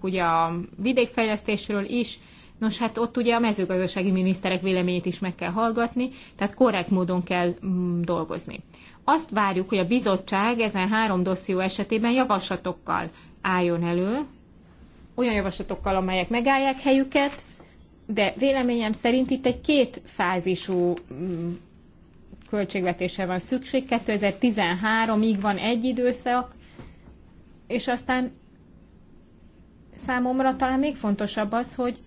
beszéltünk ugye a vidékfejlesztésről is, Nos, hát ott ugye a mezőgazdasági miniszterek véleményét is meg kell hallgatni, tehát korrekt módon kell mm, dolgozni. Azt várjuk, hogy a bizottság ezen három dosszió esetében javaslatokkal álljon elő, olyan javaslatokkal, amelyek megállják helyüket, de véleményem szerint itt egy két fázisú mm, költségvetése van szükség. 2013-ig van egy időszak, és aztán számomra talán még fontosabb az, hogy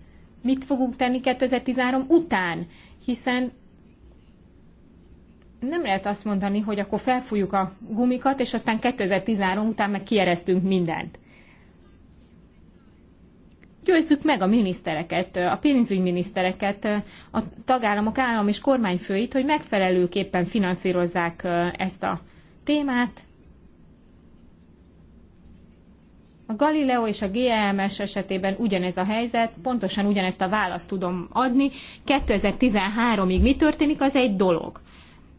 mit fogunk tenni 2013 után, hiszen nem lehet azt mondani, hogy akkor felfújjuk a gumikat, és aztán 2013 után meg kieresztünk mindent. Győzzük meg a minisztereket, a pénzügyminisztereket, a tagállamok állam és kormányfőit, hogy megfelelőképpen finanszírozzák ezt a témát, A Galileo és a GMS e esetében ugyanez a helyzet, pontosan ugyanezt a választ tudom adni. 2013-ig mi történik, az egy dolog.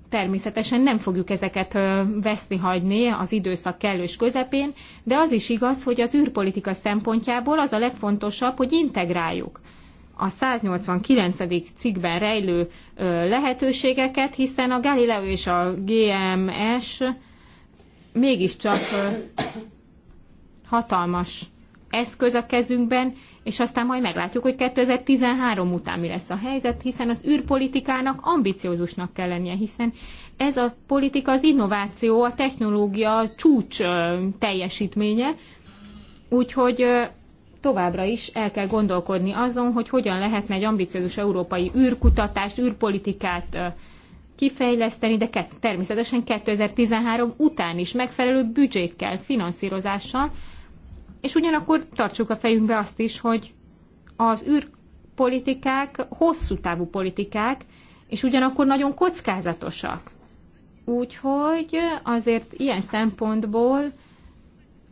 Természetesen nem fogjuk ezeket veszni hagyni az időszak kellős közepén, de az is igaz, hogy az űrpolitika szempontjából az a legfontosabb, hogy integráljuk a 189. cikkben rejlő lehetőségeket, hiszen a Galileo és a GMS e mégiscsak hatalmas eszköz a kezünkben, és aztán majd meglátjuk, hogy 2013 után mi lesz a helyzet, hiszen az űrpolitikának ambiciózusnak kell lennie, hiszen ez a politika az innováció, a technológia a csúcs teljesítménye, úgyhogy továbbra is el kell gondolkodni azon, hogy hogyan lehetne egy ambiciózus európai űrkutatást, űrpolitikát kifejleszteni, de természetesen 2013 után is megfelelő büdzsékkel, finanszírozással, és ugyanakkor tartsuk a fejünkbe azt is, hogy az űrpolitikák hosszú távú politikák, és ugyanakkor nagyon kockázatosak. Úgyhogy azért ilyen szempontból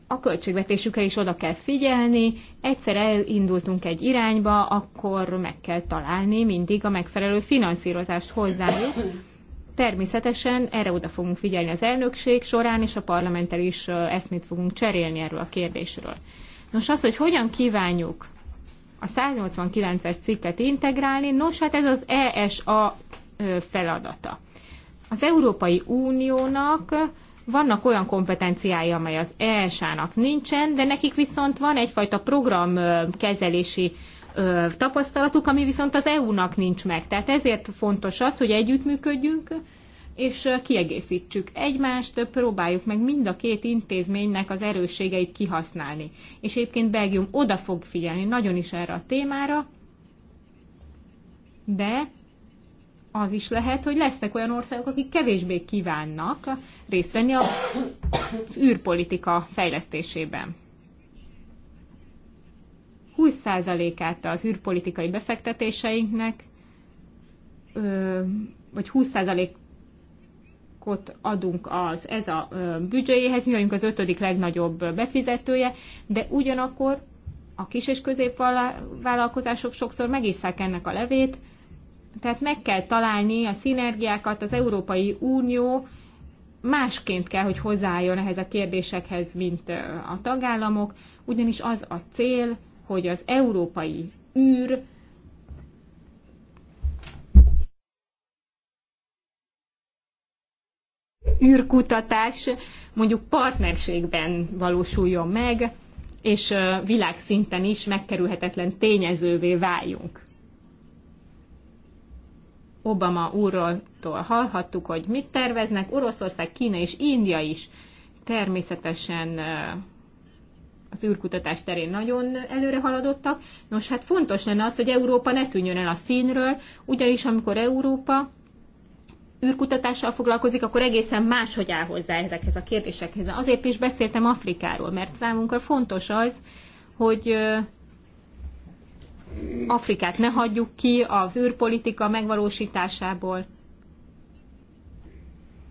a költségvetésükre is oda kell figyelni, egyszer elindultunk egy irányba, akkor meg kell találni mindig a megfelelő finanszírozást hozzájuk, Természetesen erre oda fogunk figyelni az elnökség során, és a parlamenttel is eszmét fogunk cserélni erről a kérdésről. Nos, az, hogy hogyan kívánjuk a 189-es cikket integrálni, nos, hát ez az ESA feladata. Az Európai Uniónak vannak olyan kompetenciái, amely az ESA-nak nincsen, de nekik viszont van egyfajta programkezelési ö, tapasztalatuk, ami viszont az EU-nak nincs meg. Tehát ezért fontos az, hogy együttműködjünk, és kiegészítsük egymást, próbáljuk meg mind a két intézménynek az erősségeit kihasználni. És egyébként Belgium oda fog figyelni nagyon is erre a témára, de az is lehet, hogy lesznek olyan országok, akik kevésbé kívánnak részt venni az űrpolitika fejlesztésében. 20%-át az űrpolitikai befektetéseinknek, vagy 20%-ot adunk az ez a büdzséjéhez, mi vagyunk az ötödik legnagyobb befizetője, de ugyanakkor a kis és középvállalkozások sokszor megisszák ennek a levét, tehát meg kell találni a szinergiákat, az Európai Unió másként kell, hogy hozzájön ehhez a kérdésekhez, mint a tagállamok, ugyanis az a cél, hogy az európai űr űrkutatás mondjuk partnerségben valósuljon meg, és világszinten is megkerülhetetlen tényezővé váljunk. Obama úrtól hallhattuk, hogy mit terveznek. Oroszország, Kína és India is természetesen az űrkutatás terén nagyon előre haladottak. Nos, hát fontos lenne az, hogy Európa ne tűnjön el a színről, ugyanis amikor Európa űrkutatással foglalkozik, akkor egészen máshogy áll hozzá ezekhez a kérdésekhez. Azért is beszéltem Afrikáról, mert számunkra fontos az, hogy Afrikát ne hagyjuk ki az űrpolitika megvalósításából,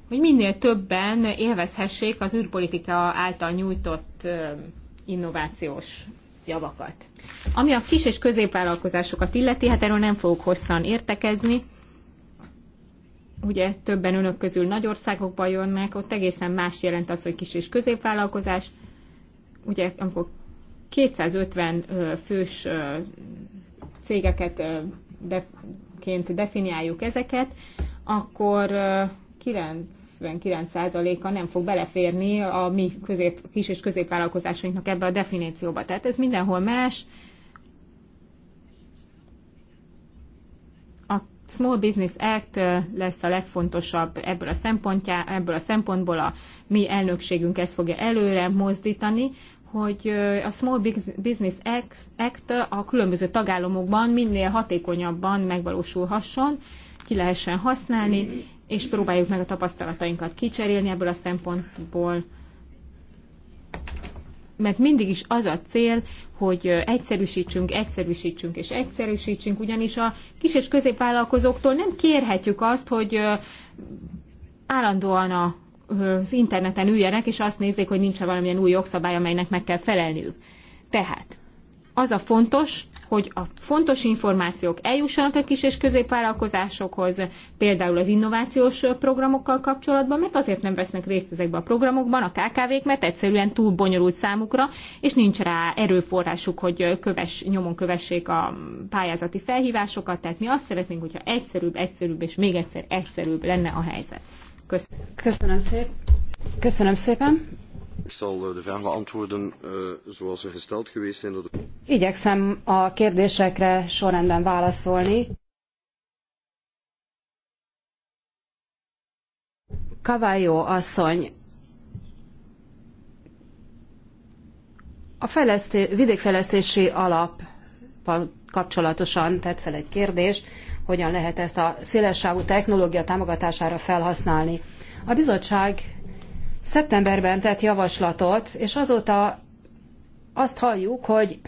hogy minél többen élvezhessék az űrpolitika által nyújtott innovációs javakat. Ami a kis és középvállalkozásokat illeti, hát erről nem fogok hosszan értekezni. Ugye többen önök közül nagy országokba jönnek, ott egészen más jelent az, hogy kis és középvállalkozás. Ugye amikor 250 fős cégeket ként definiáljuk ezeket, akkor 99%-a nem fog beleférni a mi közép, kis és középvállalkozásainknak ebbe a definícióba. Tehát ez mindenhol más. A Small Business Act lesz a legfontosabb ebből a, szempontjá, ebből a szempontból a mi elnökségünk ezt fogja előre mozdítani, hogy a Small Business Act a különböző tagállamokban minél hatékonyabban megvalósulhasson, ki lehessen használni, és próbáljuk meg a tapasztalatainkat kicserélni ebből a szempontból, mert mindig is az a cél, hogy egyszerűsítsünk, egyszerűsítsünk és egyszerűsítsünk, ugyanis a kis és középvállalkozóktól nem kérhetjük azt, hogy állandóan az interneten üljenek, és azt nézzék, hogy nincs -e valamilyen új jogszabály, amelynek meg kell felelniük. Tehát az a fontos, hogy a fontos információk eljussanak a kis és középvállalkozásokhoz, például az innovációs programokkal kapcsolatban, mert azért nem vesznek részt ezekben a programokban a KKV-k, mert egyszerűen túl bonyolult számukra, és nincs rá erőforrásuk, hogy köves, nyomon kövessék a pályázati felhívásokat, tehát mi azt szeretnénk, hogyha egyszerűbb, egyszerűbb és még egyszer egyszerűbb lenne a helyzet. Köszönöm, Köszönöm szépen. Köszönöm szépen. Igyekszem a kérdésekre sorrendben válaszolni. Kavályó asszony, a vidékfejlesztési alap kapcsolatosan tett fel egy kérdést, hogyan lehet ezt a szélessávú technológia támogatására felhasználni. A bizottság Szeptemberben tett javaslatot, és azóta azt halljuk, hogy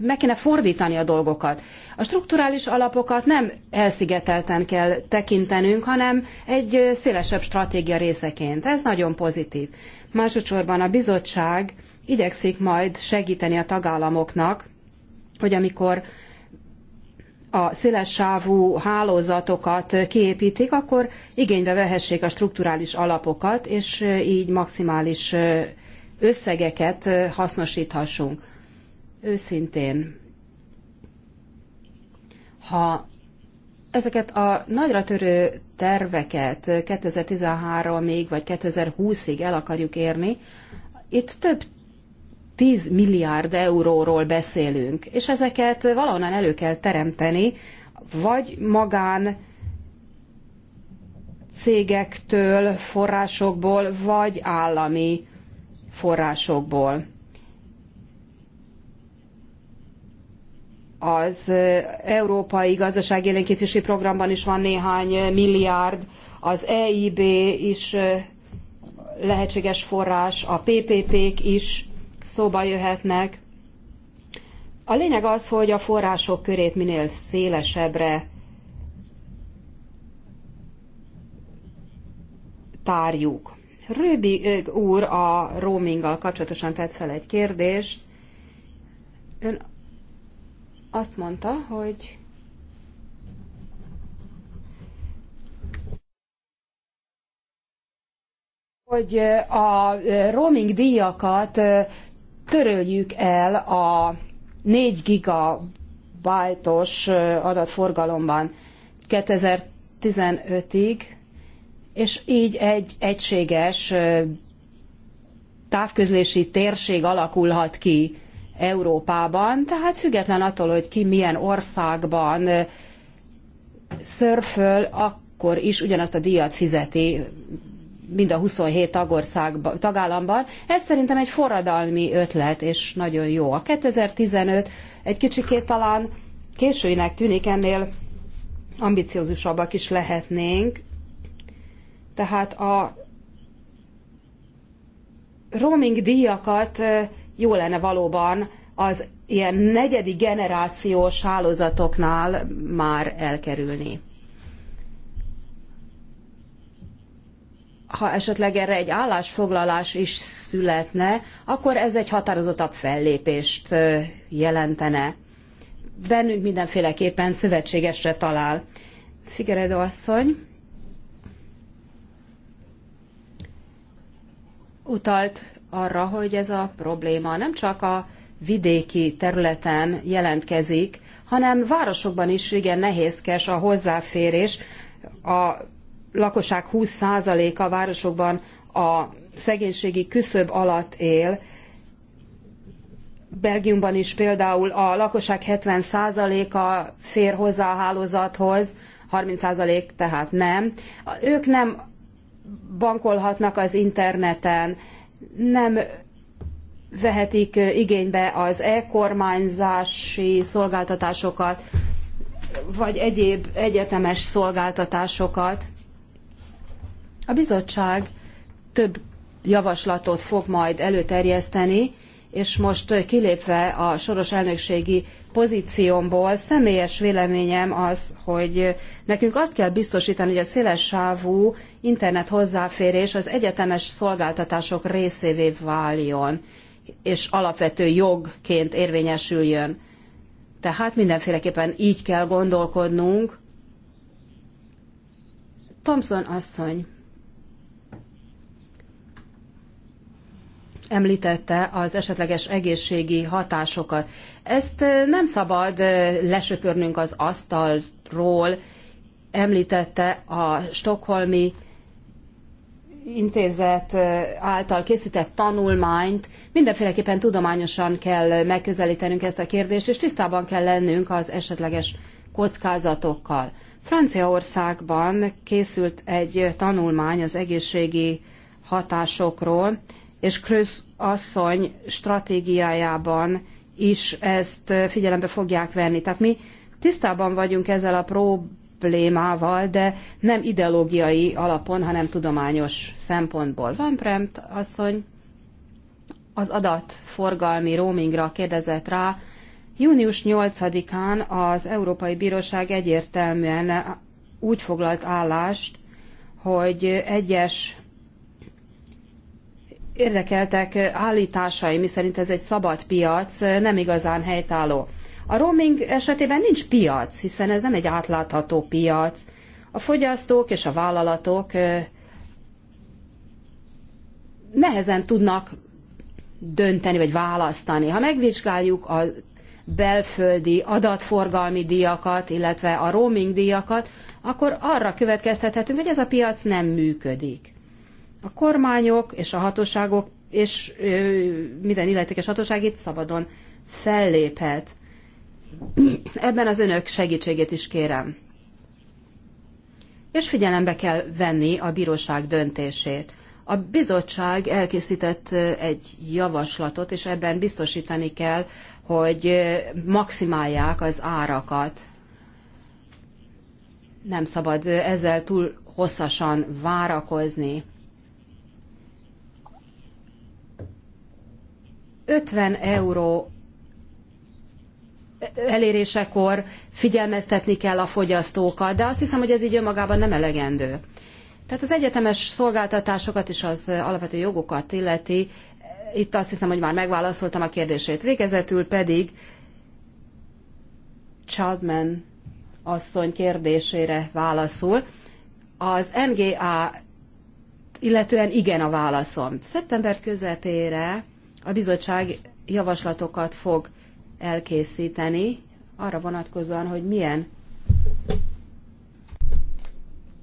meg kéne fordítani a dolgokat. A strukturális alapokat nem elszigetelten kell tekintenünk, hanem egy szélesebb stratégia részeként. Ez nagyon pozitív. Másodszorban a bizottság igyekszik majd segíteni a tagállamoknak, hogy amikor a szélessávú hálózatokat kiépítik, akkor igénybe vehessék a strukturális alapokat, és így maximális összegeket hasznosíthassunk. Őszintén, ha ezeket a nagyra törő terveket 2013-ig vagy 2020-ig el akarjuk érni, itt több 10 milliárd euróról beszélünk, és ezeket valahonnan elő kell teremteni, vagy magán cégektől, forrásokból, vagy állami forrásokból. Az Európai Gazdaságélénkítési Programban is van néhány milliárd, az EIB is lehetséges forrás, a PPP-k is szóba jöhetnek. A lényeg az, hogy a források körét minél szélesebbre tárjuk. Röbi úr a roaminggal kapcsolatosan tett fel egy kérdést. Ön azt mondta, hogy hogy a roaming díjakat töröljük el a 4 gigabajtos adatforgalomban 2015-ig, és így egy egységes távközlési térség alakulhat ki Európában, tehát független attól, hogy ki milyen országban szörföl, akkor is ugyanazt a díjat fizeti mind a 27 tagországban, tagállamban. Ez szerintem egy forradalmi ötlet, és nagyon jó. A 2015 egy kicsikét talán későinek tűnik, ennél ambiciózusabbak is lehetnénk. Tehát a roaming díjakat jó lenne valóban az ilyen negyedik generációs hálózatoknál már elkerülni. ha esetleg erre egy állásfoglalás is születne, akkor ez egy határozottabb fellépést jelentene. Bennünk mindenféleképpen szövetségesre talál. Figyeredő asszony utalt arra, hogy ez a probléma nem csak a vidéki területen jelentkezik, hanem városokban is igen nehézkes a hozzáférés a lakosság 20%-a városokban a szegénységi küszöb alatt él. Belgiumban is például a lakosság 70%-a fér hozzá a hálózathoz, 30% tehát nem. Ők nem bankolhatnak az interneten, nem vehetik igénybe az e-kormányzási szolgáltatásokat, vagy egyéb egyetemes szolgáltatásokat. A bizottság több javaslatot fog majd előterjeszteni, és most kilépve a soros elnökségi pozíciómból, személyes véleményem az, hogy nekünk azt kell biztosítani, hogy a széles sávú internet hozzáférés az egyetemes szolgáltatások részévé váljon, és alapvető jogként érvényesüljön. Tehát mindenféleképpen így kell gondolkodnunk. Thomson asszony, említette az esetleges egészségi hatásokat. Ezt nem szabad lesöpörnünk az asztalról, említette a stokholmi intézet által készített tanulmányt. Mindenféleképpen tudományosan kell megközelítenünk ezt a kérdést, és tisztában kell lennünk az esetleges kockázatokkal. Franciaországban készült egy tanulmány az egészségi hatásokról, és Krősz asszony stratégiájában is ezt figyelembe fogják venni. Tehát mi tisztában vagyunk ezzel a problémával, de nem ideológiai alapon, hanem tudományos szempontból. Van Premt asszony az adatforgalmi roamingra kérdezett rá. Június 8-án az Európai Bíróság egyértelműen úgy foglalt állást, hogy egyes érdekeltek állításai, miszerint ez egy szabad piac, nem igazán helytálló. A roaming esetében nincs piac, hiszen ez nem egy átlátható piac. A fogyasztók és a vállalatok nehezen tudnak dönteni vagy választani. Ha megvizsgáljuk a belföldi adatforgalmi díjakat, illetve a roaming díjakat, akkor arra következtethetünk, hogy ez a piac nem működik. A kormányok és a hatóságok és minden illetékes hatóság itt szabadon felléphet. Ebben az önök segítségét is kérem. És figyelembe kell venni a bíróság döntését. A bizottság elkészített egy javaslatot, és ebben biztosítani kell, hogy maximálják az árakat. Nem szabad ezzel túl hosszasan várakozni. 50 euró elérésekor figyelmeztetni kell a fogyasztókat, de azt hiszem, hogy ez így önmagában nem elegendő. Tehát az egyetemes szolgáltatásokat és az alapvető jogokat illeti, itt azt hiszem, hogy már megválaszoltam a kérdését. Végezetül pedig Chadman asszony kérdésére válaszol. Az NGA illetően igen a válaszom. Szeptember közepére a bizottság javaslatokat fog elkészíteni arra vonatkozóan, hogy milyen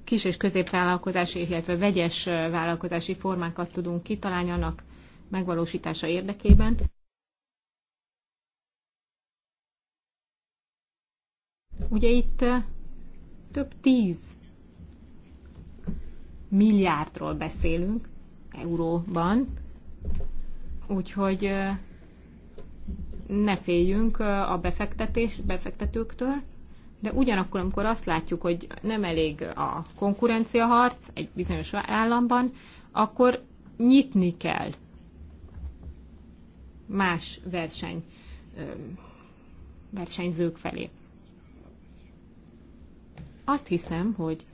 kis- és középvállalkozási, illetve vegyes vállalkozási formákat tudunk kitalálni annak megvalósítása érdekében. Ugye itt több tíz milliárdról beszélünk euróban, Úgyhogy ne féljünk a befektetés, befektetőktől, de ugyanakkor, amikor azt látjuk, hogy nem elég a konkurenciaharc egy bizonyos államban, akkor nyitni kell más verseny, versenyzők felé. Azt hiszem, hogy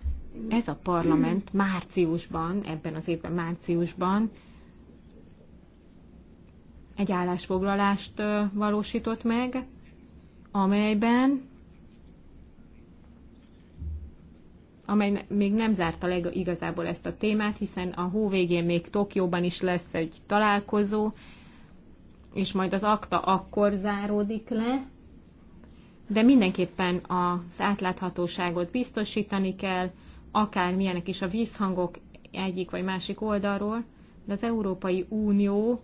ez a parlament márciusban, ebben az évben márciusban egy állásfoglalást valósított meg, amelyben amely még nem zárta le igazából ezt a témát, hiszen a hó végén még Tokióban is lesz egy találkozó, és majd az akta akkor záródik le, de mindenképpen az átláthatóságot biztosítani kell, akár milyenek is a vízhangok egyik vagy másik oldalról, de az Európai Unió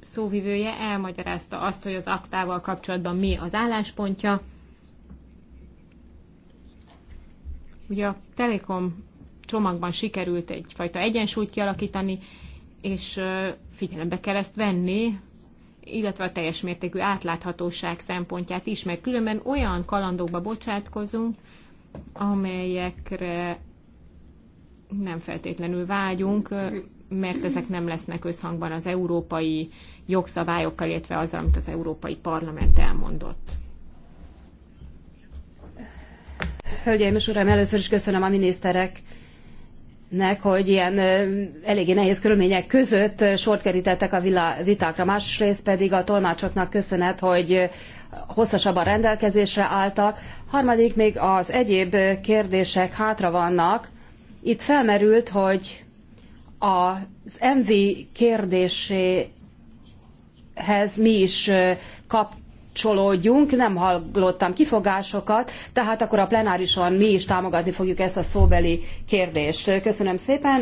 szóvivője elmagyarázta azt, hogy az aktával kapcsolatban mi az álláspontja. Ugye a Telekom csomagban sikerült egyfajta egyensúlyt kialakítani, és figyelembe kell ezt venni, illetve a teljes mértékű átláthatóság szempontját is, mert különben olyan kalandokba bocsátkozunk, amelyekre nem feltétlenül vágyunk, mert ezek nem lesznek összhangban az európai jogszabályokkal, illetve azzal, amit az Európai Parlament elmondott. Hölgyeim és Uraim, először is köszönöm a minisztereknek, hogy ilyen eléggé nehéz körülmények között sort kerítettek a vitákra. Másrészt pedig a tolmácsoknak köszönet, hogy hosszasabban rendelkezésre álltak. Harmadik, még az egyéb kérdések hátra vannak. Itt felmerült, hogy az MV kérdéséhez mi is kapcsolódjunk, nem hallottam kifogásokat, tehát akkor a plenárison mi is támogatni fogjuk ezt a szóbeli kérdést. Köszönöm szépen.